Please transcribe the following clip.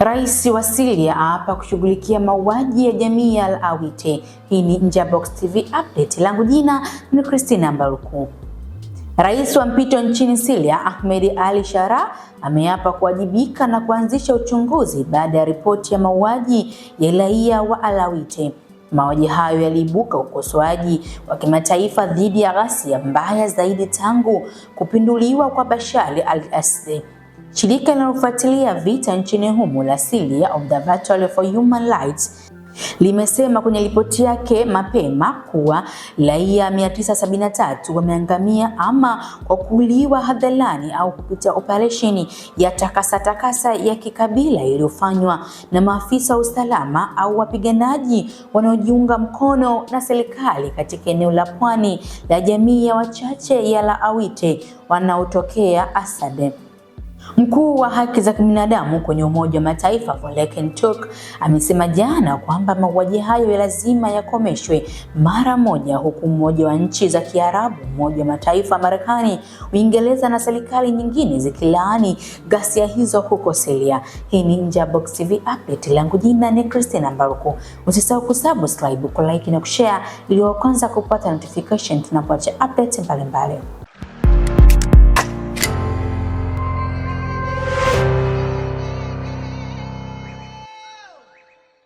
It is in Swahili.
Rais wa Syria aapa kushughulikia mauaji ya jamii ya Alawite. Hii ni Nje ya Box TV update, langu jina ni Christina Mbaruku. Rais wa mpito nchini Syria Ahmed Ali Shara ameapa kuwajibika na kuanzisha uchunguzi baada ya ripoti ya mauaji ya raia wa Alawite. Mauaji hayo yaliibuka ukosoaji wa kimataifa dhidi ya ghasia mbaya zaidi tangu kupinduliwa kwa Bashar al-Assad. Shirika linalofuatilia vita nchini humo la Syria Observatory for Human Rights limesema kwenye ripoti yake mapema kuwa raia 973 wameangamia ama kwa kuuliwa hadharani au kupitia operesheni ya takasatakasa ya kikabila iliyofanywa na maafisa wa usalama au wapiganaji wanaojiunga mkono na serikali katika eneo la pwani la jamii ya wachache ya awite wanaotokea Asad. Mkuu wa haki za kibinadamu kwenye Umoja wa Mataifa Volker Turk amesema jana kwamba mauaji hayo ya lazima yakomeshwe mara moja, huku mmoja wa nchi za Kiarabu, Umoja wa Mataifa, Marekani, Uingereza na serikali nyingine zikilaani ghasia hizo huko Syria. Hii ni Nje ya Box TV update, langu jina ni Christina Mbaruku. Usisahau kusubscribe, kulike na kushare ili wa kwanza kupata notification tunapoacha update mbalimbali.